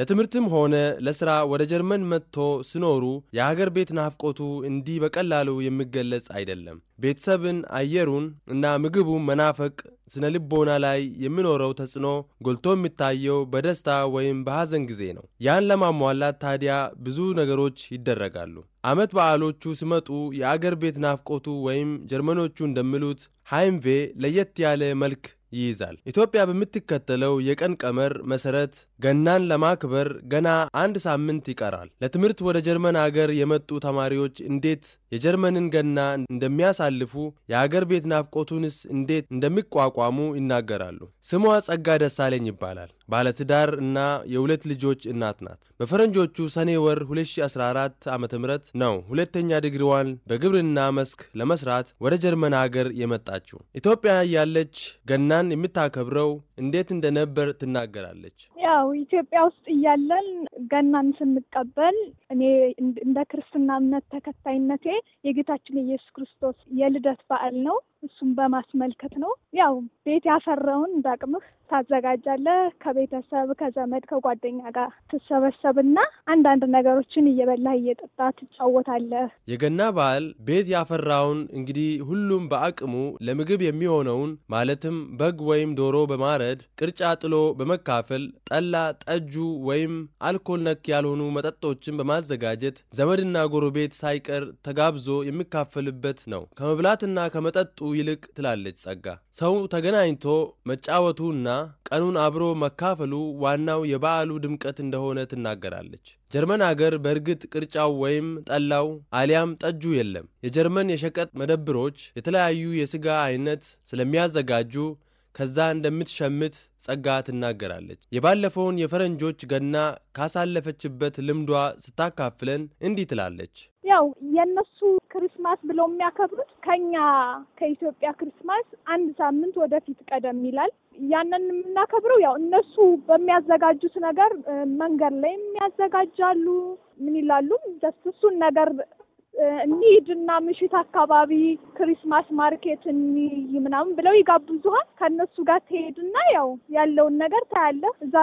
ለትምህርትም ሆነ ለስራ ወደ ጀርመን መጥቶ ሲኖሩ የሀገር ቤት ናፍቆቱ እንዲህ በቀላሉ የሚገለጽ አይደለም። ቤተሰብን፣ አየሩን እና ምግቡን መናፈቅ ስነ ልቦና ላይ የሚኖረው ተጽዕኖ ጎልቶ የሚታየው በደስታ ወይም በሐዘን ጊዜ ነው። ያን ለማሟላት ታዲያ ብዙ ነገሮች ይደረጋሉ። ዓመት በዓሎቹ ሲመጡ የአገር ቤት ናፍቆቱ ወይም ጀርመኖቹ እንደሚሉት ሃይምቬ ለየት ያለ መልክ ይይዛል። ኢትዮጵያ በምትከተለው የቀን ቀመር መሰረት ገናን ለማክበር ገና አንድ ሳምንት ይቀራል። ለትምህርት ወደ ጀርመን አገር የመጡ ተማሪዎች እንዴት የጀርመንን ገና እንደሚያሳልፉ የአገር ቤት ናፍቆቱንስ እንዴት እንደሚቋቋሙ ይናገራሉ። ስሟ ጸጋ ደሳለኝ ይባላል። ባለትዳር እና የሁለት ልጆች እናት ናት። በፈረንጆቹ ሰኔ ወር 2014 ዓ ም ነው ሁለተኛ ዲግሪዋን በግብርና መስክ ለመስራት ወደ ጀርመን ሀገር የመጣችው። ኢትዮጵያ ያለች ገናን የምታከብረው እንዴት እንደነበር ትናገራለች። ያው ኢትዮጵያ ውስጥ እያለን ገናን ስንቀበል እኔ እንደ ክርስትና እምነት ተከታይነቴ የጌታችን የኢየሱስ ክርስቶስ የልደት በዓል ነው። እሱም በማስመልከት ነው። ያው ቤት ያፈራውን እንዳቅምህ ታዘጋጃለህ። ከቤተሰብ ከዘመድ፣ ከጓደኛ ጋር ትሰበሰብና አንዳንድ ነገሮችን እየበላህ እየጠጣ ትጫወታለህ። የገና በዓል ቤት ያፈራውን እንግዲህ ሁሉም በአቅሙ ለምግብ የሚሆነውን ማለትም በግ ወይም ዶሮ በማረድ ቅርጫ ጥሎ በመካፈል ጠላ፣ ጠጁ ወይም አልኮል ነክ ያልሆኑ መጠጦችን በማዘጋጀት ዘመድና ጎረቤት ሳይቀር ተጋብዞ የሚካፈልበት ነው። ከመብላትና ከመጠጡ ይልቅ ትላለች ጸጋ። ሰው ተገናኝቶ መጫወቱና ቀኑን አብሮ መካፈሉ ዋናው የበዓሉ ድምቀት እንደሆነ ትናገራለች። ጀርመን አገር በእርግጥ ቅርጫው ወይም ጠላው አሊያም ጠጁ የለም። የጀርመን የሸቀጥ መደብሮች የተለያዩ የስጋ አይነት ስለሚያዘጋጁ ከዛ እንደምትሸምት ጸጋ ትናገራለች። የባለፈውን የፈረንጆች ገና ካሳለፈችበት ልምዷ ስታካፍለን እንዲህ ትላለች። ያው የእነሱ ክርስማስ ብለው የሚያከብሩት ከኛ ከኢትዮጵያ ክርስማስ አንድ ሳምንት ወደፊት ቀደም ይላል። ያንን የምናከብረው ያው እነሱ በሚያዘጋጁት ነገር መንገድ ላይ የሚያዘጋጃሉ። ምን ይላሉ? እሱን ነገር እንሂድና ምሽት አካባቢ ክሪስማስ ማርኬት እንይ ምናምን ብለው ይጋብዙሃል። ከእነሱ ጋር ትሄድና ያው ያለውን ነገር ታያለህ። እዛ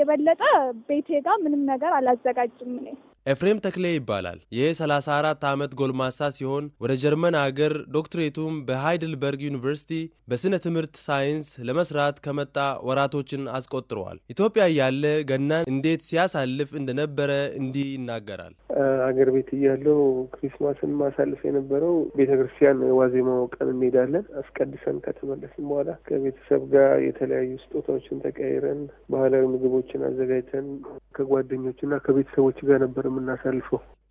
የበለጠ ቤቴ ጋር ምንም ነገር አላዘጋጅም እኔ። ኤፍሬም ተክሌ ይባላል። የ34 ዓመት ጎልማሳ ሲሆን ወደ ጀርመን አገር ዶክትሬቱም በሃይድልበርግ ዩኒቨርሲቲ በሥነ ትምህርት ሳይንስ ለመስራት ከመጣ ወራቶችን አስቆጥረዋል። ኢትዮጵያ እያለ ገናን እንዴት ሲያሳልፍ እንደነበረ እንዲህ ይናገራል። አገር ቤት እያለው ክሪስማስን ማሳልፍ የነበረው ቤተ ክርስቲያን ዋዜማው ቀን እንሄዳለን። አስቀድሰን ከተመለስን በኋላ ከቤተሰብ ጋር የተለያዩ ስጦታዎችን ተቀያይረን ባህላዊ ምግቦችን አዘጋጅተን ከጓደኞችና ከቤተሰቦች ጋር ነበር amenaza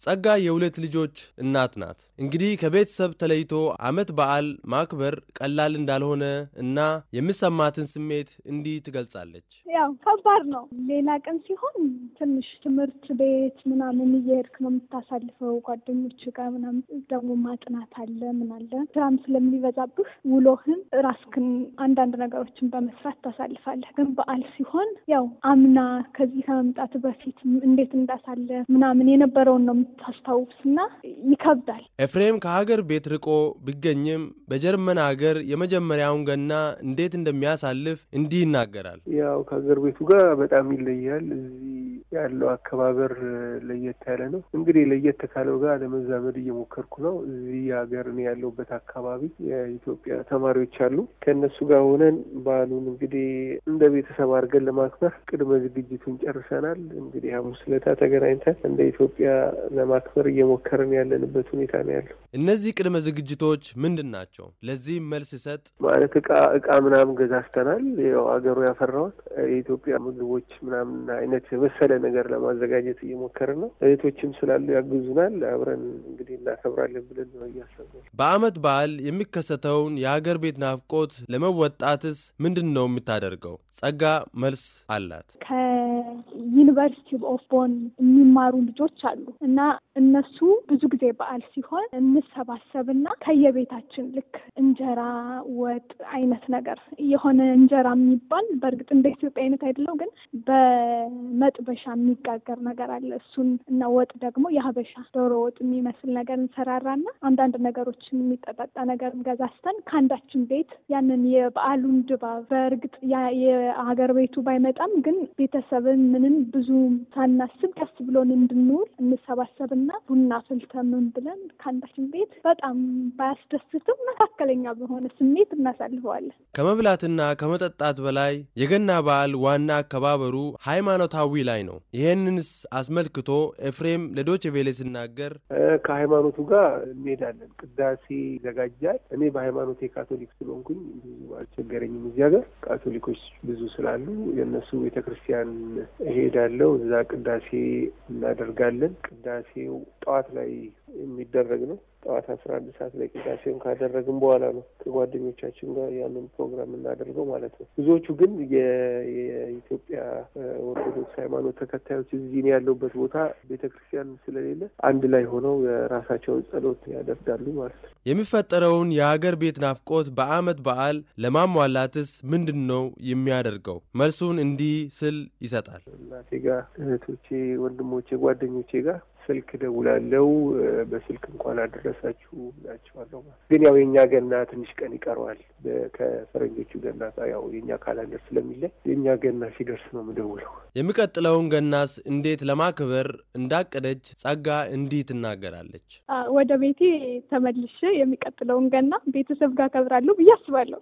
ጸጋ የሁለት ልጆች እናት ናት። እንግዲህ ከቤተሰብ ተለይቶ ዓመት በዓል ማክበር ቀላል እንዳልሆነ እና የምሰማትን ስሜት እንዲህ ትገልጻለች። ያው ከባድ ነው። ሌላ ቀን ሲሆን ትንሽ ትምህርት ቤት ምናምን እየሄድክ ነው የምታሳልፈው ጓደኞች ጋር ምናምን፣ ደግሞ ማጥናት አለ ምን አለ ስራም ስለሚበዛብህ ውሎህን ራስክን አንዳንድ ነገሮችን በመስራት ታሳልፋለህ። ግን በዓል ሲሆን ያው አምና ከዚህ ከመምጣት በፊት እንዴት እንዳሳለ ምናምን የነበረውን ነው የምታስታውስና ይከብዳል። ኤፍሬም ከሀገር ቤት ርቆ ቢገኝም በጀርመን ሀገር የመጀመሪያውን ገና እንዴት እንደሚያሳልፍ እንዲህ ይናገራል። ያው ከሀገር ቤቱ ጋር በጣም ይለያል። እዚህ ያለው አከባበር ለየት ያለ ነው። እንግዲህ ለየት ካለው ጋር ለመዛመድ እየሞከርኩ ነው። እዚህ ሀገር ያለውበት አካባቢ የኢትዮጵያ ተማሪዎች አሉ። ከእነሱ ጋር ሆነን በዓሉን እንግዲህ እንደ ቤተሰብ አድርገን ለማክበር ቅድመ ዝግጅቱን ጨርሰናል። እንግዲህ ሐሙስ ዕለት ተገናኝተን እንደ ኢትዮጵያ ለማክበር እየሞከርን ያለንበት ሁኔታ ነው ያለው። እነዚህ ቅድመ ዝግጅቶች ምንድን ናቸው? ለዚህም መልስ ይሰጥ ማለት እቃ እቃ ምናምን ገዛዝተናል። ያው አገሩ ያፈራውን የኢትዮጵያ ምግቦች ምናምን አይነት የመሰለ ነገር ለማዘጋጀት እየሞከርን ነው። እህቶችም ስላሉ ያግዙናል። አብረን እንግዲህ እናከብራለን ብለን ነው እያሰብነው። በአመት በዓል የሚከሰተውን የሀገር ቤት ናፍቆት ለመወጣትስ ምንድን ነው የምታደርገው? ጸጋ መልስ አላት። ዩኒቨርሲቲ ኦፍ ቦን የሚማሩ ልጆች አሉ እና እነሱ ብዙ ጊዜ በዓል ሲሆን እንሰባሰብና ከየቤታችን ልክ እንጀራ ወጥ አይነት ነገር የሆነ እንጀራ የሚባል በእርግጥ እንደ ኢትዮጵያ አይነት አይደለም፣ ግን በመጥበሻ የሚጋገር ነገር አለ። እሱን እና ወጥ ደግሞ የሀበሻ ዶሮ ወጥ የሚመስል ነገር እንሰራራና አንዳንድ ነገሮችን የሚጠጣጣ ነገር ገዛዝተን ከአንዳችን ቤት ያንን የበዓሉን ድባብ በእርግጥ የሀገር ቤቱ ባይመጣም ግን ቤተሰብን ምንም ብዙ ብዙ ሳናስብ ደስ ብሎን እንድንውል እንሰባሰብና ቡና ፍልተምን ብለን ከአንዳችን ቤት በጣም ባያስደስትም መካከለኛ በሆነ ስሜት እናሳልፈዋለን። ከመብላትና ከመጠጣት በላይ የገና በዓል ዋና አከባበሩ ሃይማኖታዊ ላይ ነው። ይህንንስ አስመልክቶ ኤፍሬም ለዶቼ ቬለ ሲናገር ከሃይማኖቱ ጋር እንሄዳለን። ቅዳሴ ይዘጋጃል። እኔ በሃይማኖት ካቶሊክ ስለሆንኩኝ ብዙ አልቸገረኝም። እዚህ ሀገር ካቶሊኮች ብዙ ስላሉ የእነሱ ቤተክርስቲያን እሄዳለሁ ያለው እዛ ቅዳሴ እናደርጋለን። ቅዳሴው ጠዋት ላይ የሚደረግ ነው። ጠዋት አስራ አንድ ሰዓት ላይ ሲሆን ካደረግን በኋላ ነው ከጓደኞቻችን ጋር ያንን ፕሮግራም እናደርገው ማለት ነው። ብዙዎቹ ግን የኢትዮጵያ ኦርቶዶክስ ሃይማኖት ተከታዮች እዚህ እኔ ያለውበት ቦታ ቤተ ክርስቲያን ስለሌለ አንድ ላይ ሆነው የራሳቸውን ጸሎት ያደርጋሉ ማለት ነው። የሚፈጠረውን የሀገር ቤት ናፍቆት በዓመት በዓል ለማሟላትስ ምንድን ነው የሚያደርገው? መልሱን እንዲህ ስል ይሰጣል። እናቴ ጋር፣ እህቶቼ፣ ወንድሞቼ፣ ጓደኞቼ ጋር ስልክ ደውላለው። በስልክ እንኳን አደረሰ ያደረሳችሁ ናቸዋለሁ። ግን ያው የእኛ ገና ትንሽ ቀን ይቀረዋል። ከፈረንጆቹ ገና ያው የእኛ ካላንደር ስለሚለይ የእኛ ገና ሲደርስ ነው የምደውለው። የሚቀጥለውን ገናስ እንዴት ለማክበር እንዳቀደች ጸጋ እንዲህ ትናገራለች። ወደ ቤቴ ተመልሼ የሚቀጥለውን ገና ቤተሰብ ጋር ከብራለሁ ብዬ አስባለሁ።